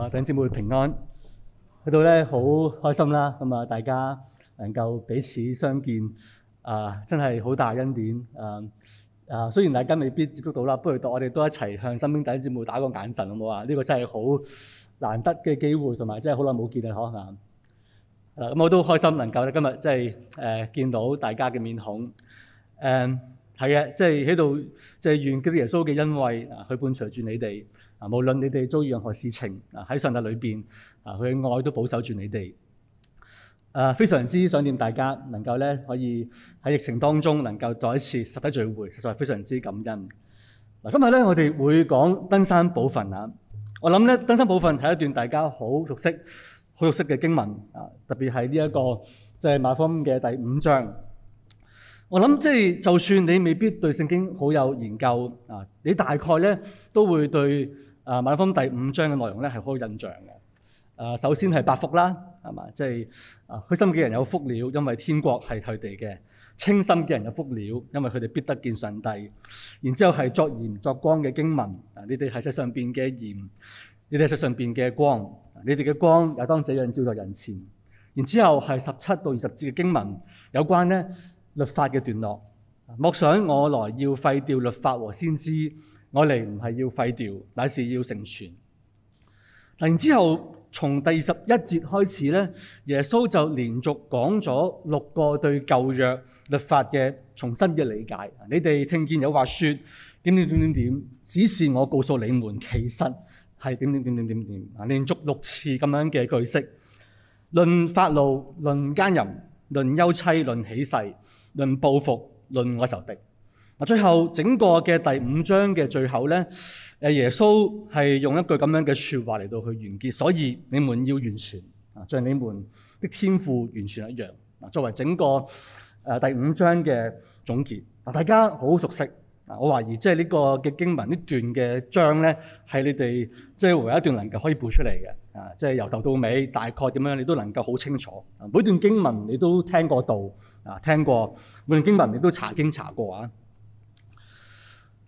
啊！弟兄姊妹平安，去到咧好開心啦！咁啊，大家能夠彼此相見啊，真係好大恩典啊！啊，雖然大家未必接觸到啦，不如我哋都一齊向身邊弟兄姊妹打個眼神好唔好啊？呢、這個真係好難得嘅機會，同埋真係好耐冇見啊！可係嘛？咁、嗯、我都開心能夠咧今日即係誒見到大家嘅面孔誒，係、嗯、啊，即係喺度即係願基督耶穌嘅恩惠啊去伴隨住你哋。啊，無論你哋遭遇任何事情，啊喺上帝裏邊，啊佢嘅愛都保守住你哋。啊，非常之想念大家能夠咧可以喺疫情當中能夠再一次實體聚會，實在非常之感恩。嗱，今日咧我哋會講登山寶訓啊。我諗咧登山寶訓係一段大家好熟悉、好熟悉嘅經文啊，特別係呢一個即係、就是、馬太嘅第五章。我諗即係就算你未必對聖經好有研究啊，你大概咧都會對。啊，馬太福音第五章嘅內容咧係好印象嘅。啊，首先係八福啦，係嘛？即係啊，虛心嘅人有福了，因為天國係佢哋嘅；清心嘅人有福了，因為佢哋必得見上帝。然之後係作鹽作光嘅經文，啊，你哋係世上邊嘅鹽，你哋係世上邊嘅光，你哋嘅光也當這樣照在人前。然之後係十七到二十節嘅經文，有關呢律法嘅段落。莫想我來要廢掉律法和先知。我嚟唔係要廢掉，乃是要成全。然之後從第十一節開始咧，耶穌就連續講咗六個對舊約律法嘅重新嘅理解。你哋聽見有話說點點點點點，只是我告訴你們，其實係點點點點點點。連續六次咁樣嘅句式，論發怒，論奸淫，論休妻，論起誓，論報復，論愛仇敵。最後整個嘅第五章嘅最後咧，耶穌係用一句咁樣嘅說話嚟到去完結，所以你們要完全啊，像你們的天賦完全一樣。作為整個第五章嘅總結，大家好熟悉。我懷疑即係呢個嘅經文呢段嘅章咧，係你哋即係唯一一段能夠可以背出嚟嘅啊，即係由頭到尾大概點樣，你都能夠好清楚。每段經文你都聽過道啊，聽過每段經文你都查經查過啊。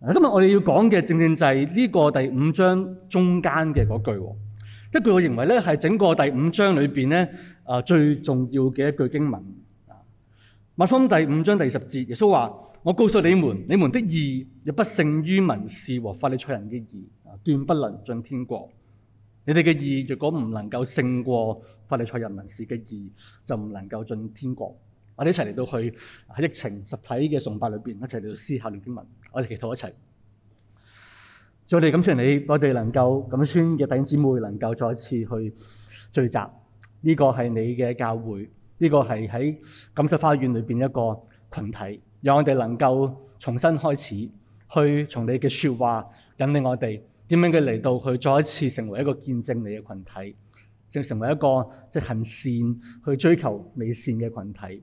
今日我哋要講嘅正正就係呢個第五章中間嘅嗰句，一句我認為咧係整個第五章裏邊咧啊最重要嘅一句經文。馬太第五章第十節，耶穌話：我告訴你們，你們的義又不勝於文士和法利賽人嘅義，啊，斷不能進天國。你哋嘅義若果唔能夠勝過法利賽人文士嘅義，就唔能夠進天國。我哋一齊嚟到去喺疫情實體嘅崇拜裏邊，一齊嚟到思考《論經文》我一。我哋祈禱一齊。在你感謝你，我哋能夠咁村嘅弟兄姊妹能夠再一次去聚集。呢、這個係你嘅教會，呢、這個係喺錦繡花園裏邊一個群體，讓我哋能夠重新開始，去從你嘅説話引領我哋點樣嘅嚟到去再一次成為一個見證你嘅群體，就成為一個即行善去追求美善嘅群體。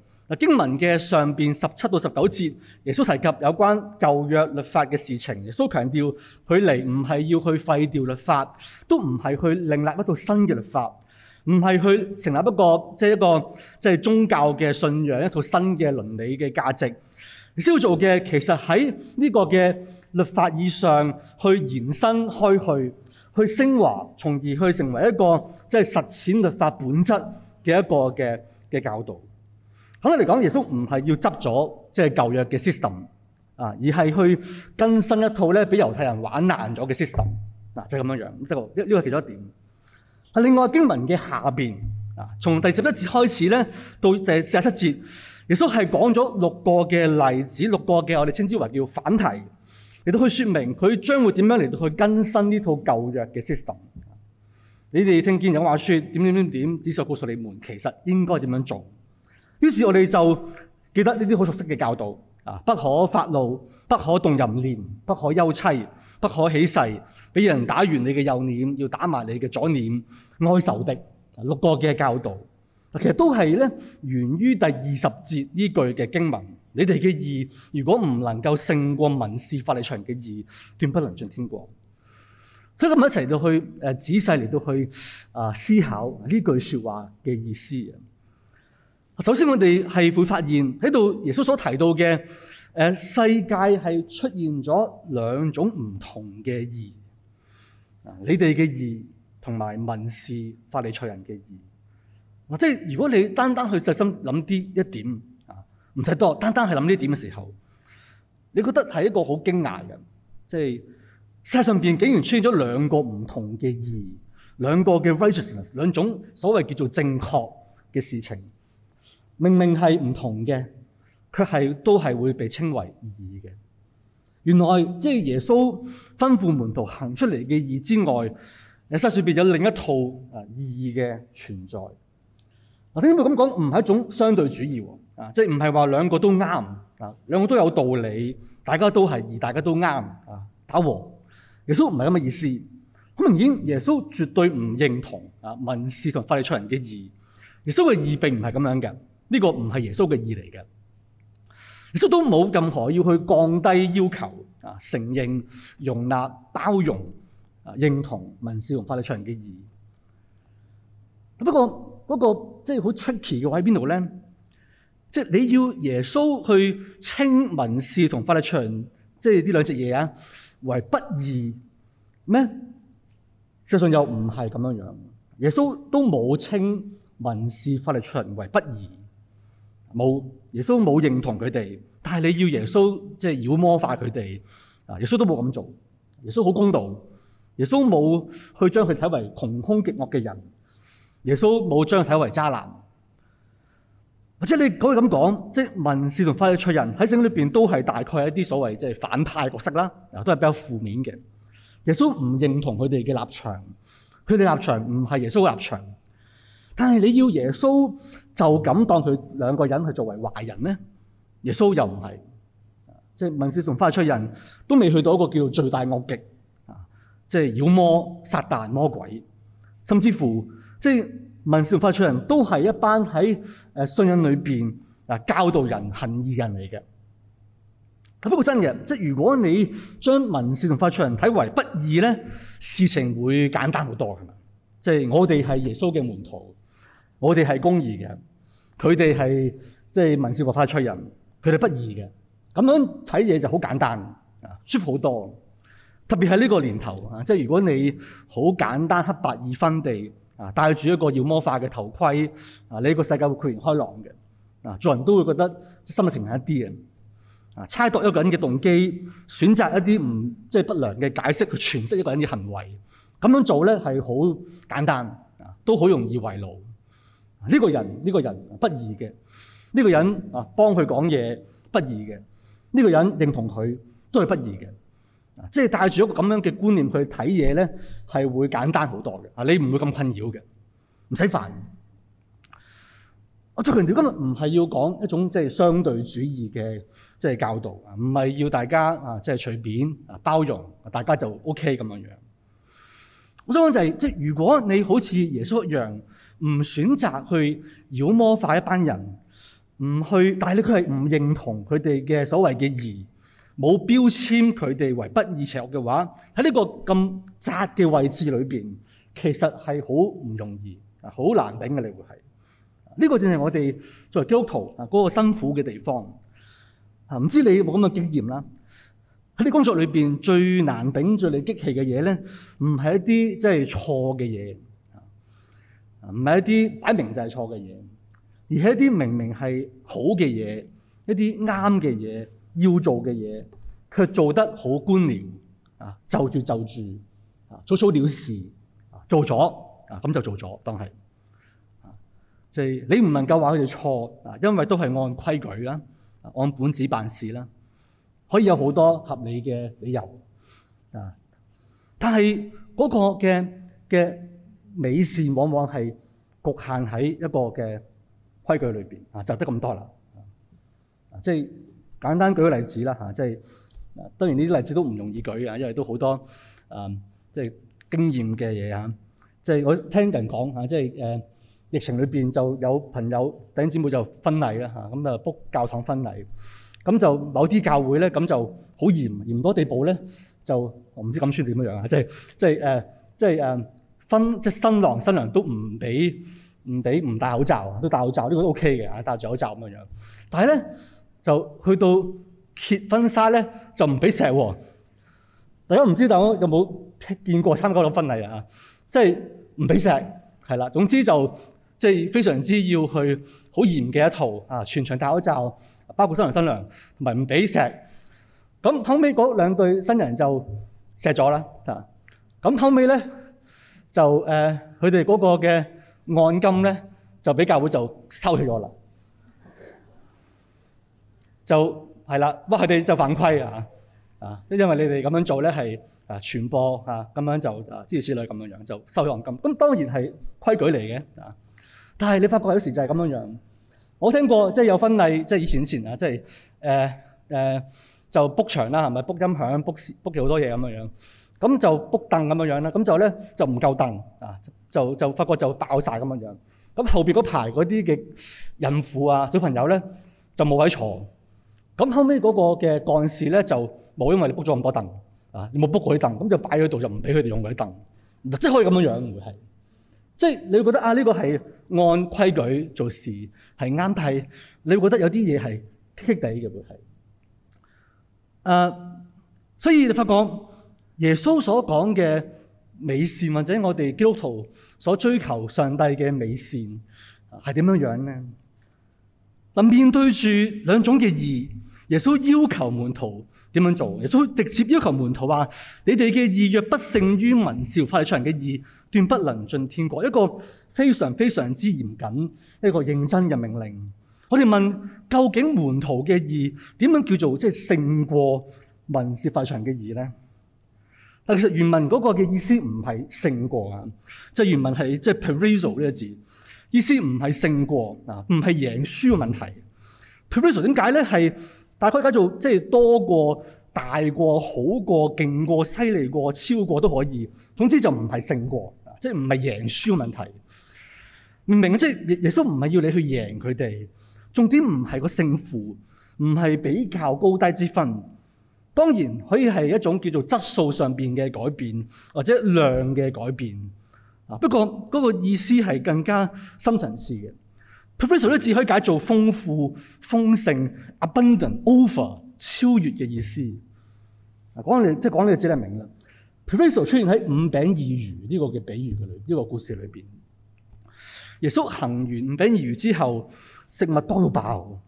經文嘅上面十七到十九節，耶穌提及有關舊約律法嘅事情。耶穌強調佢嚟唔係要去廢掉律法，都唔係去另立一套新嘅律法，唔係去成立一個即係一個即係宗教嘅信仰，一套新嘅倫理嘅價值。耶穌要做嘅其實喺呢個嘅律法以上去延伸開去，去，去，去升華，從而去成為一個即係實踐律法本質嘅一個嘅嘅教導。可能嚟講耶穌唔係要執咗即係舊約嘅 system 啊，而係去更新一套咧，俾猶太人玩爛咗嘅 system。嗱就咁樣樣，呢、呢個呢個係其中一點。喺另外經文嘅下邊啊，從第十一節開始咧，到第四十七節，耶穌係講咗六個嘅例子，六個嘅我哋稱之為叫反題，亦都可以說明佢將會點樣嚟到去更新呢套舊約嘅 system。你哋聽見有話說點點點點，只想告訴你們，其實應該點樣做。於是，我哋就記得呢啲好熟悉嘅教導啊！不可發怒，不可動淫念，不可休妻，不可起誓。俾人打完你嘅右臉，要打埋你嘅左臉，愛仇敵六個嘅教導。其實都係咧，源於第二十節呢句嘅經文：你哋嘅義，如果唔能夠勝過民事法理場嘅義，斷不能進天國。」所以，今日一齊到去仔細嚟到去啊思考呢句說話嘅意思。首先，我哋係會發現喺度耶穌所提到嘅，誒世界係出現咗兩種唔同嘅義，啊你哋嘅義同埋文士法利賽人嘅義，或即係如果你單單去細心諗啲一點啊，唔使多，單單去諗呢點嘅時候，你覺得係一個好驚訝嘅，即係世上邊竟然出現咗兩個唔同嘅義，兩個嘅 righteousness，兩種所謂叫做正確嘅事情。明明係唔同嘅，卻係都係會被稱為義嘅。原來即係耶穌吩咐門徒行出嚟嘅義之外，聖書入邊有另一套啊義嘅存在。我聽佢咁講唔係一種相對主義喎，啊，即係唔係話兩個都啱啊，兩個都有道理，大家都係義，大家都啱啊，打和。耶穌唔係咁嘅意思。好明顯，耶穌絕對唔認同啊文士同法利賽人嘅義。耶穌嘅義並唔係咁樣嘅。呢、這個唔係耶穌嘅意嚟嘅，耶穌都冇任何要去降低要求啊，承認、容納、包容啊、認同民事同法律人嘅意義不。不過嗰個即係好 tricky 嘅話喺邊度咧？即係、就是、你要耶穌去稱民事同法律人，即係呢兩隻嘢啊為不義咩？事實上又唔係咁樣樣。耶穌都冇稱民事法律人為不義。冇，耶穌冇認同佢哋。但係你要耶穌即係妖魔化佢哋，啊！耶穌都冇咁做。耶穌好公道，耶穌冇去將佢睇為窮兇極惡嘅人。耶穌冇將佢睇為渣男。或者你可以咁講，即係文士同法利賽人喺聖經裏邊都係大概係一啲所謂即係反派角色啦，啊，都係比較負面嘅。耶穌唔認同佢哋嘅立場，佢哋立場唔係耶穌嘅立場。但係，你要耶穌就咁當佢兩個人係作為壞人咧？耶穌又唔係，即係文士同法出人都未去到一個叫做罪大惡極啊！即係妖魔、撒旦、魔鬼，甚至乎即係文士同法出人都係一班喺誒信仰裏邊啊教導人行義人嚟嘅。咁不過真嘅，即係如果你將文士同法出人睇為不義咧，事情會簡單好多嘅。即係我哋係耶穌嘅門徒。我哋係公義嘅，佢哋係即係文士、法利賽人，佢哋不義嘅。咁樣睇嘢就好簡單啊，舒服好多。特別係呢個年頭啊，即係如果你好簡單黑白二分地啊，戴住一個妖魔化嘅頭盔啊，你個世界會豁然開朗嘅啊。做人都會覺得心裏平靜一啲嘅啊。猜度一個人嘅動機，選擇一啲唔即係不良嘅解釋去詮釋一個人嘅行為，咁樣做咧係好簡單啊，都好容易為奴。呢、這個人呢、這個人不義嘅，呢、這個人啊幫佢講嘢不義嘅，呢、這個人認同佢都係不義嘅，即係帶住一個咁樣嘅觀念去睇嘢咧，係會簡單好多嘅。啊，你唔會咁困擾嘅，唔使煩。我最緊要今日唔係要講一種即係相對主義嘅即係教導啊，唔係要大家啊即係隨便啊包容，大家就 O K 咁樣樣。我想講就係、是、即係如果你好似耶穌一樣。唔選擇去妖魔化一班人，唔去，但係咧佢係唔認同佢哋嘅所謂嘅義，冇標籤佢哋為不義邪惡嘅話，喺呢個咁窄嘅位置裏面，其實係好唔容易，啊，好難頂嘅，你會係呢個正係我哋作為基督徒嗰個辛苦嘅地方。啊，唔知你有冇咁嘅經驗啦？喺啲工作裏面，最難頂住你激氣嘅嘢咧，唔係一啲即係錯嘅嘢。唔係一啲擺明就係錯嘅嘢，而係一啲明明係好嘅嘢，一啲啱嘅嘢，要做嘅嘢，卻做得好觀念啊，就住就住啊，草草了事啊，做咗啊，咁就做咗，當係啊，即係你唔能夠話佢哋錯啊，因為都係按規矩啦，按本子辦事啦，可以有好多合理嘅理由啊，但係嗰個嘅嘅。美善往往係局限喺一個嘅規矩裏邊啊，就得咁多啦啊，即係簡單舉個例子啦嚇，即係當然呢啲例子都唔容易舉啊，因為都好多啊、嗯，即係經驗嘅嘢嚇。即係我聽人講嚇，即係誒、呃、疫情裏邊就有朋友弟兄姊妹就婚禮啦嚇，咁就 book 教堂婚禮，咁、嗯嗯、就某啲教會咧咁、嗯、就好嚴嚴多地步咧，就我唔知今次點樣樣啊，即係、呃、即係誒即係誒。呃婚即係新郎新娘都唔俾唔俾唔戴口罩啊，都戴口罩，呢、這個都 OK 嘅嚇，戴住口罩咁嘅樣。但係咧就去到揭婚紗咧就唔俾錫喎。大家唔知大家有冇見過參加嗰種婚禮啊？即係唔俾錫，係啦。總之就即係、就是、非常之要去好嚴嘅一套啊，全場戴口罩，包括新娘新娘，同埋唔俾錫。咁後尾嗰兩對新人就錫咗啦啊！咁後尾咧。就誒，佢哋嗰個嘅按金咧，就俾教會就收起咗啦。就係啦，哇！佢哋就犯規啊！啊，因為你哋咁樣做咧，係啊傳播啊咁樣就啊諸如此類咁樣樣就收咗按金。咁當然係規矩嚟嘅啊。但係你發覺有時就係咁樣樣。我聽過即係、就是、有婚禮，即、就、係、是、以前前啊，即係誒誒就 book，是呃呃、場啦，係咪 book 音響 book 咗好多嘢咁樣樣。咁就 book 凳咁樣樣啦，咁就咧就唔夠凳啊，就就發覺就，就，就爆晒咁樣樣。咁後邊嗰排嗰啲嘅孕婦啊、小朋友咧就冇位坐。咁後尾嗰個嘅幹事咧就冇，因為你 book 咗咁多凳啊，你冇 book 佢凳，咁就擺喺度就唔俾佢哋用佢凳。即係可以咁樣樣會係，即、就、係、是、你會覺得啊呢、呢個係按規矩做事係啱，睇。你會覺得有啲嘢係棘激地嘅會係。誒、啊，所以你發覺。耶穌所講嘅美善，或者我哋基督徒所追求上帝嘅美善，係點樣樣呢？面對住兩種嘅義，耶穌要求門徒點樣做？耶穌直接要求門徒話：你哋嘅義若不勝於文士、法利賽人嘅義，斷不能進天國。」一個非常非常之嚴謹、一個認真嘅命令。我哋問：究竟門徒嘅義點樣叫做即係勝過文士、法利賽人嘅義呢？其實原文嗰個嘅意思唔係勝過啊，即係原文係即係 p e r i s o a l 呢個字，意思唔係勝過啊，唔係贏輸嘅問題。p e r i s o a l 點解咧？係大概解做即係多過大過好過勁過犀利過超過，超過都可以，總之就唔係勝過，即係唔係贏輸嘅問題。明唔明啊？即係、就是、耶穌唔係要你去贏佢哋，重點唔係個勝負，唔係比較高低之分。當然可以係一種叫做質素上面嘅改變，或者量嘅改變。啊，不過嗰個意思係更加深層次嘅。professional 都只可以解做豐富、豐盛、abundant、over 超越嘅意思講。啊，講你即係講你，就知明啦。professional 出現喺五餅二魚呢個嘅比喻嘅裏，呢個故事裏面。耶穌行完五餅二魚之後，食物多到爆，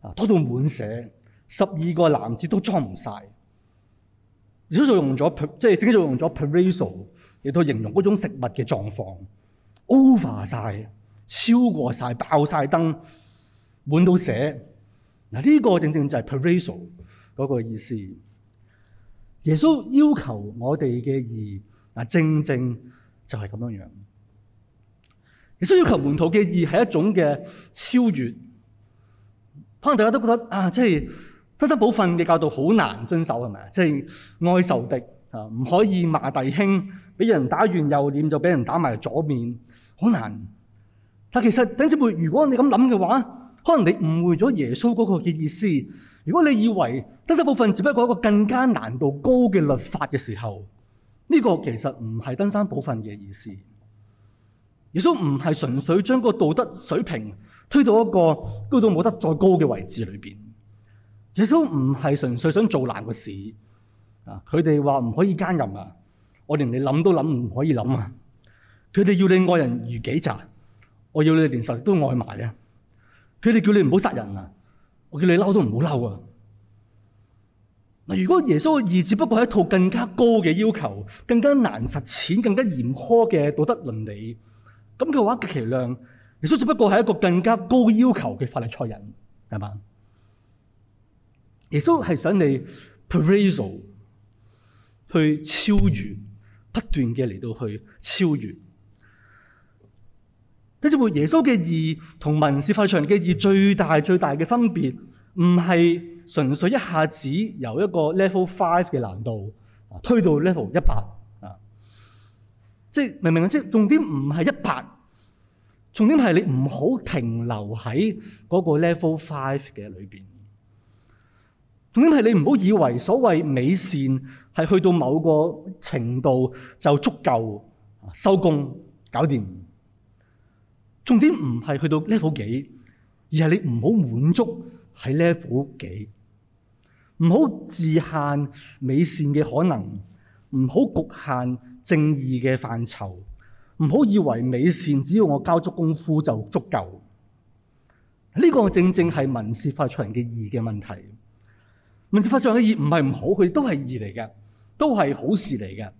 啊，多到滿瀉。十二個男子都裝唔曬，耶穌用咗即係聖經用咗 p a r i s o l 亦都形容嗰種食物嘅狀況，over 曬、超過晒爆晒燈、滿到瀉嗱、這、呢個正正就係 p a r i s o l e 嗰個意思。耶穌要求我哋嘅義，嗱正正就係咁樣樣。耶穌要求門徒嘅義係一種嘅超越，可能大家都覺得啊，即係。登山寶訓嘅教導好難遵守，係咪啊？即係愛仇敵，吓，唔可以罵弟兄，俾人打完右臉就俾人打埋左面，好難。但其實頂姊妹，如果你咁諗嘅話，可能你誤會咗耶穌嗰個嘅意思。如果你以為登山寶訓只不過一個更加難度高嘅律法嘅時候，呢個其實唔係登山寶訓嘅意思。耶穌唔係純粹將個道德水平推到一個高到冇得再高嘅位置裏邊。耶穌唔係純粹想做難嘅事啊！佢哋話唔可以奸淫啊，我連你諗都諗唔可以諗啊！佢哋要你愛人如己咋，我要你連仇敵都愛埋啊！佢哋叫你唔好殺人啊，我叫你嬲都唔好嬲啊！嗱，如果耶穌嘅義只不過係一套更加高嘅要求、更加難實踐、更加嚴苛嘅道德倫理，咁嘅話極其量，耶穌只不過係一個更加高要求嘅法利賽人，係嘛？耶穌係想你 prosperous 去超越，不斷嘅嚟到去超越。睇住部耶穌嘅義同民事法庭嘅義最大最大嘅分別，唔係純粹一下子由一個 level five 嘅難度，推到 level 一百啊，即係明明，即係重點唔係一百，重點係你唔好停留喺嗰個 level five 嘅裏邊。重點係你唔好以為所謂美善係去到某個程度就足夠收工搞掂。重點唔係去到 level 幾，而係你唔好滿足喺 level 幾，唔好自限美善嘅可能，唔好局限正義嘅範疇，唔好以為美善只要我交足功夫就足夠。呢、這個正正係文士法利賽人嘅義嘅問題。民事法上嘅義唔係唔好，佢都係義嚟嘅，都係好事嚟嘅。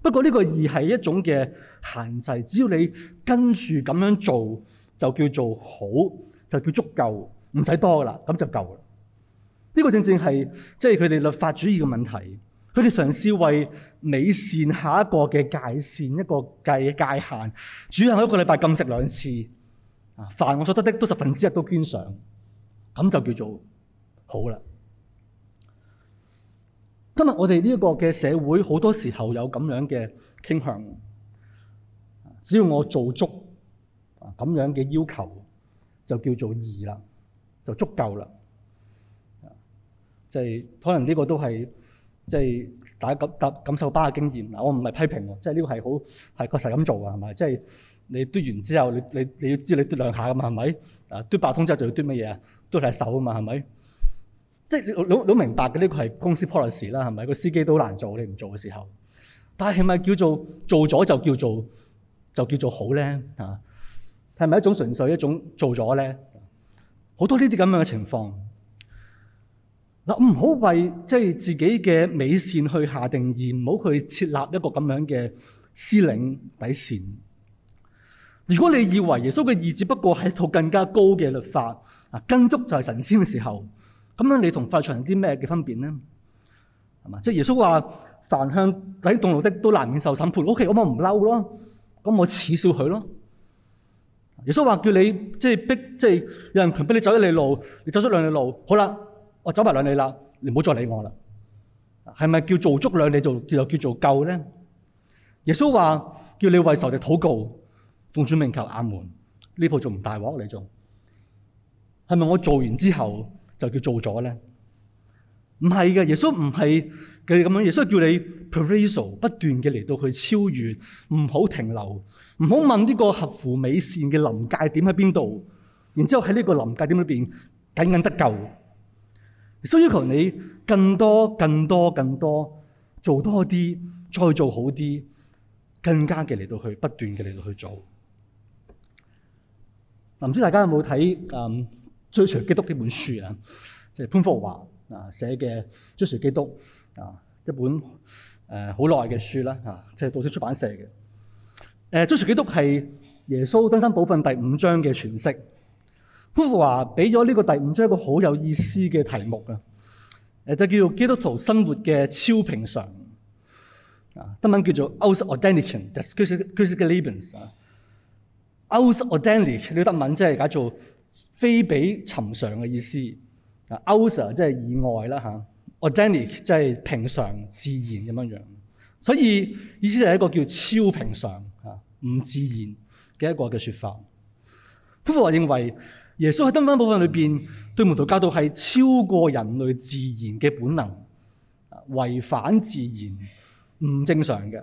不過呢個義係一種嘅限制，只要你跟住咁樣做，就叫做好，就叫足夠，唔使多噶啦，咁就夠啦。呢、這個正正係即係佢哋律法主義嘅問題。佢哋嘗試為美善下一個嘅界線，一個界界限，主要係一個禮拜禁食兩次，啊凡我所得的都十分之一都捐上，咁就叫做好啦。今日我哋呢一個嘅社會好多時候有咁樣嘅傾向，只要我做足啊咁樣嘅要求，就叫做義啦，就足夠啦、就是。即係可能呢個都係即係大家感感感受巴嘅經驗嗱，我唔係批評即係呢個係好係確實咁做嘅係咪？即係、就是、你嘟完之後，你你你要知你嘟兩下嘅嘛係咪？啊嘟八通之後就要嘟乜嘢啊？嘟係手啊嘛係咪？即係你都明白嘅，呢個係公司 policy 啦，係咪個司機都難做？你唔做嘅時候，但係係咪叫做做咗就叫做就叫做好咧？嚇係咪一種純粹一種做咗咧？好多呢啲咁樣嘅情況嗱，唔好為即係自己嘅美善去下定義，唔好去設立一個咁樣嘅師領底線。如果你以為耶穌嘅義，只不過係一套更加高嘅律法，啊，跟足就係神仙嘅時候。咁樣你同法場有啲咩嘅分別咧？係嘛？即係耶穌話：凡向底動怒路的都難免受審判。OK，我冇唔嬲咯，咁我恥笑佢咯。耶穌話：叫你即係逼，即係有人強逼你走一里路，你走咗兩里路。好啦，我走埋兩里啦，你唔好再理我啦。係咪叫做足兩里就叫做夠咧？耶穌話：叫你為仇敵禱告，奉主名求阿門。呢鋪仲唔大鑊？你仲係咪我做完之後？就叫做咗咧，唔係嘅。耶穌唔係嘅咁樣。耶穌叫你 perverse 不斷嘅嚟到去超越，唔好停留，唔好問呢個合乎美善嘅臨界點喺邊度。然之後喺呢個臨界點裏邊緊緊得救。耶穌要求你更多、更多、更多，做多啲，再做好啲，更加嘅嚟到去，不斷嘅嚟到去做。唔知大家有冇睇？嗯。《追隨基督》呢本書啊，即係潘福華啊寫嘅《追隨基督》啊，一本誒好耐嘅書啦嚇，即係道聲出版社嘅。誒《追隨基督》係耶穌登山寶訓第五章嘅詮釋。潘福華俾咗呢個第五章一個好有意思嘅題目啊，誒就叫做基督徒生活嘅超平常啊，德文叫做《Ausserordentliche Christlichen Lebens》就是、啊，《Ausserordentliche 你呢個德文即係解做。非比尋常嘅意思，啊，out 即係意外啦嚇，organic 即係平常自然咁樣樣，所以意思係一個叫超平常嚇、唔自然嘅一個嘅説法。潘霍華認為耶穌喺登山寶訓裏邊對門徒教導係超過人類自然嘅本能，違反自然、唔正常嘅，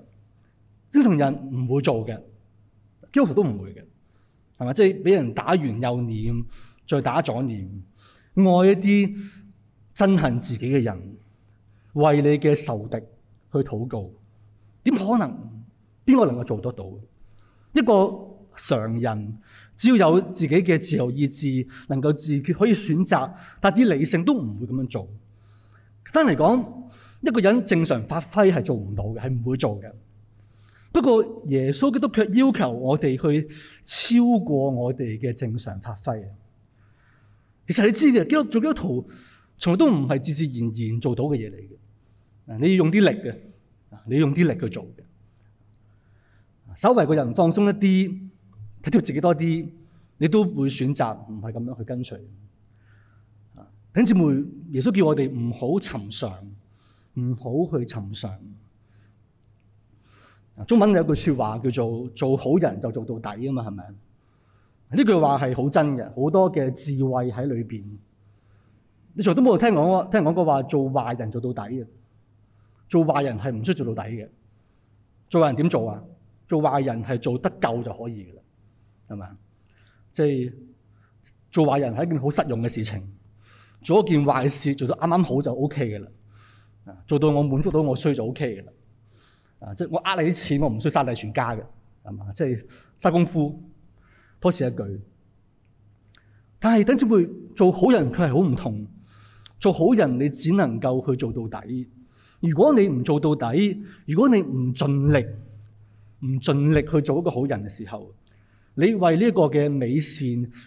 正常人唔會做嘅，基督徒都唔會嘅。係咪？即係俾人打完右臉，再打左臉，愛一啲憎恨自己嘅人，為你嘅仇敵去禱告，點可能？邊個能夠做得到？一個常人，只要有自己嘅自由意志，能夠自決，可以選擇，但啲理性都唔會咁樣做。簡單嚟講，一個人正常發揮係做唔到嘅，係唔會做嘅。不過耶穌基督卻要求我哋去超過我哋嘅正常發揮。其實你知嘅，基督做基督徒從來都唔係自自然然做到嘅嘢嚟嘅。你要用啲力嘅，你要用啲力去做嘅。稍為個人放鬆一啲，睇到自己多啲，你都會選擇唔係咁樣去跟隨。啊，弟兄姊妹，耶穌叫我哋唔好尋常，唔好去尋常。中文有句說話叫做做好人就做到底啊嘛，係咪？呢句話係好真嘅，好多嘅智慧喺裏面。你從都冇人聽講過，聽講過話做壞人做到底嘅，做壞人係唔需要做到底嘅。做壞人點做啊？做壞人係做得夠就可以噶啦，係咪？即係做壞人係一件好實用嘅事情。做一件壞事做到啱啱好就 O K 嘅啦，做到我滿足到我需要就 O K 嘅啦。啊！即係我呃你啲錢，我唔需要殺你全家嘅，係嘛？即係殺功夫多此一舉。但係等姊妹做好人他是很不，佢係好唔同做好人。你只能夠去做到底。如果你唔做到底，如果你唔盡力，唔盡力去做一個好人嘅時候，你為呢一個嘅美善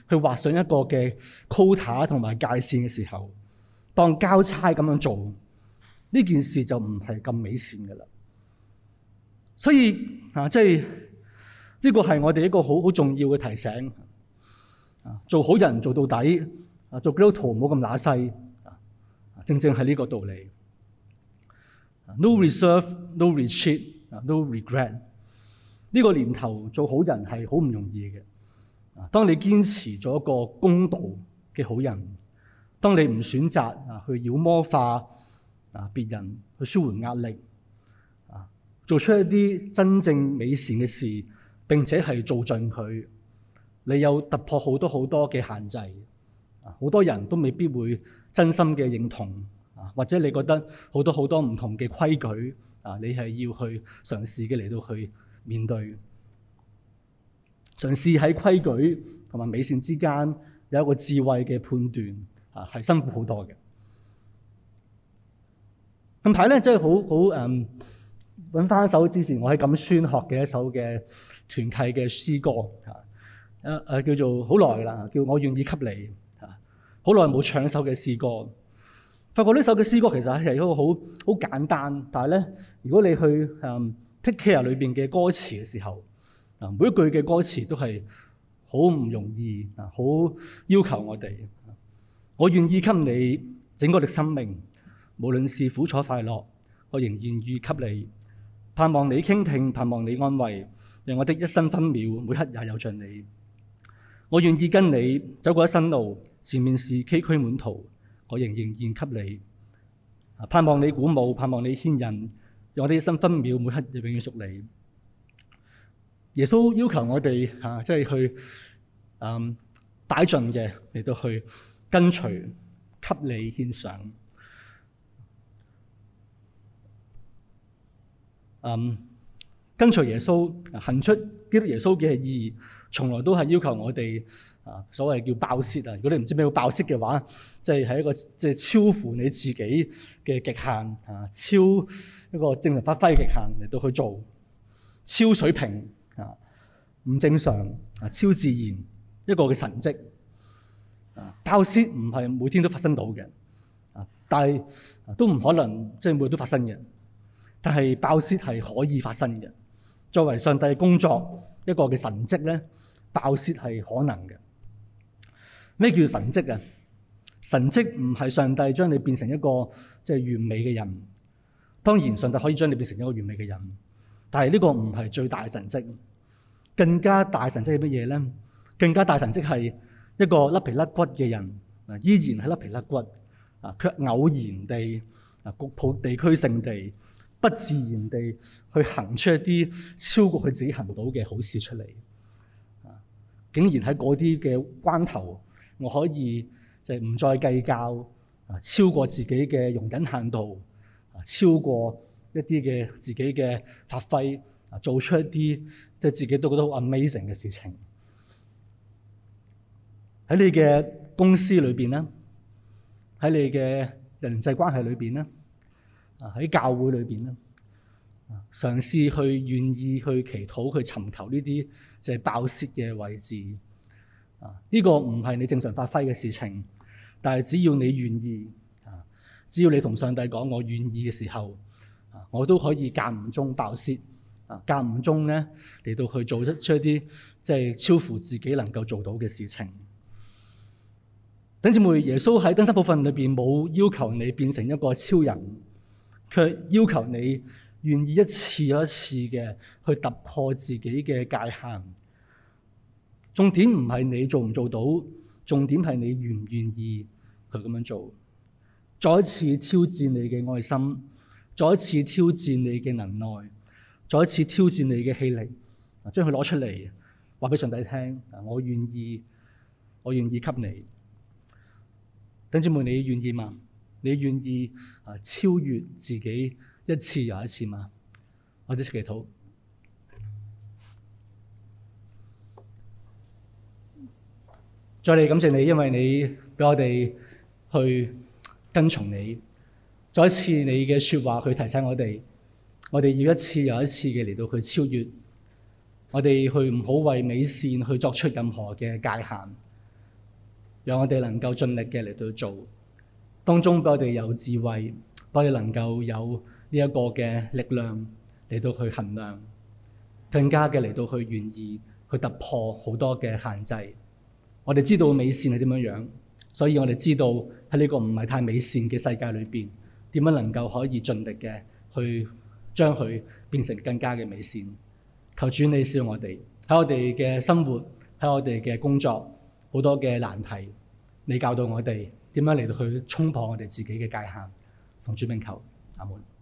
去劃上一個嘅 quota 同埋界線嘅時候，當交差咁樣做呢件事就唔係咁美善嘅啦。所以啊，即係呢個係我哋一個好好重要嘅提醒。啊，就是這個、做好人做到底，啊做基督徒唔好咁揦西。啊，正正係呢個道理。No reserve, no retreat, 啊 no regret。呢個年頭做好人係好唔容易嘅。啊，當你堅持咗個公道嘅好人，當你唔選擇啊去妖魔化啊別人去舒緩壓力。做出一啲真正美善嘅事，並且係做盡佢，你有突破好多好多嘅限制。啊，好多人都未必會真心嘅認同。啊，或者你覺得好多好多唔同嘅規矩，啊，你係要去嘗試嘅嚟到去面對，嘗試喺規矩同埋美善之間有一個智慧嘅判斷，啊，係辛苦好多嘅。近排咧真係好好誒。很 um, 揾翻首之前我喺咁宣學嘅一首嘅團契嘅詩歌嚇，誒、啊、誒、啊、叫做好耐啦，叫我願意給你嚇，好耐冇唱首嘅詩歌，發覺呢首嘅詩歌其實係一個好好簡單，但係咧，如果你去誒、嗯、take care 裏邊嘅歌詞嘅時候，啊，每一句嘅歌詞都係好唔容易啊，好要求我哋。我願意給你整個嘅生命，無論是苦楚快樂，我仍然願意給你。盼望你傾聽，盼望你安慰，讓我的一生分秒每刻也有着你。我願意跟你走過一生路，前面是崎嶇滿途，我仍仍然獻給你。盼望你鼓舞，盼望你牽引，讓我的一生分秒每刻也永遠屬你。耶穌要求我哋啊，即係去嗯擺盡嘅嚟到去跟隨，給你獻上。Um, 跟隨耶穌行出基督耶穌嘅意義，從來都係要求我哋啊，所謂叫爆泄啊。如果你唔知咩叫爆泄嘅話，即係係一個即係、就是、超乎你自己嘅極限啊，超一個精神發揮極限嚟到去做，超水平啊，唔正常啊，超自然一個嘅神蹟啊，爆泄唔係每天都發生到嘅啊，但係、啊、都唔可能即係、就是、每日都發生嘅。但係爆竊係可以發生嘅，作為上帝工作一個嘅神蹟咧，爆竊係可能嘅。咩叫神蹟啊？神蹟唔係上帝將你變成一個即係完美嘅人，當然上帝可以將你變成一個完美嘅人，但係呢個唔係最大嘅神蹟。更加大神蹟係乜嘢咧？更加大神蹟係一個甩皮甩骨嘅人，嗱，依然係甩皮甩骨，啊，卻偶然地嗱，局部地區性地。不自然地去行出一啲超過佢自己行到嘅好事出嚟，啊，竟然喺嗰啲嘅關頭，我可以就係唔再計較，啊，超過自己嘅容忍限度，啊，超過一啲嘅自己嘅發揮，啊，做出一啲即係自己都覺得好 amazing 嘅事情。喺你嘅公司裏邊咧，喺你嘅人際關係裏邊咧。啊！喺教會裏邊咧，啊，嘗試去願意去祈禱、去尋求呢啲即係爆洩嘅位置，啊，呢個唔係你正常發揮嘅事情，但係只要你願意，啊，只要你同上帝講我願意嘅時候，啊，我都可以間唔中爆洩，啊，間唔中咧嚟到去做出一啲即係超乎自己能夠做到嘅事情。弟兄姊妹，耶穌喺登山寶訓裏邊冇要求你變成一個超人。佢要求你願意一次又一次嘅去突破自己嘅界限，重點唔係你做唔做到，重點係你願唔願意去咁樣做，做。再一次挑戰你嘅愛心，再一次挑戰你嘅能耐，再一次挑戰你嘅氣力，將佢攞出嚟話俾上帝聽：我願意，我願意給你。等姐妹，你願意嗎？你願意啊，超越自己一次又一次嗎？我哋祈禱。再嚟感謝你，因為你俾我哋去跟從你，再一次你嘅説話去提醒我哋，我哋要一次又一次嘅嚟到去超越，我哋去唔好為美善去作出任何嘅界限，讓我哋能夠盡力嘅嚟到做，當中俾我哋有智慧，俾我哋能夠有呢一個嘅力量嚟到去衡量，更加嘅嚟到去願意去突破好多嘅限制。我哋知道美善係點樣樣，所以我哋知道喺呢個唔係太美善嘅世界裏邊，點樣能夠可以盡力嘅去將佢變成更加嘅美善。求主你照我哋喺我哋嘅生活，喺我哋嘅工作好多嘅難題，你教導我哋。點樣嚟到去衝破我哋自己嘅界限，奉主名求，阿門。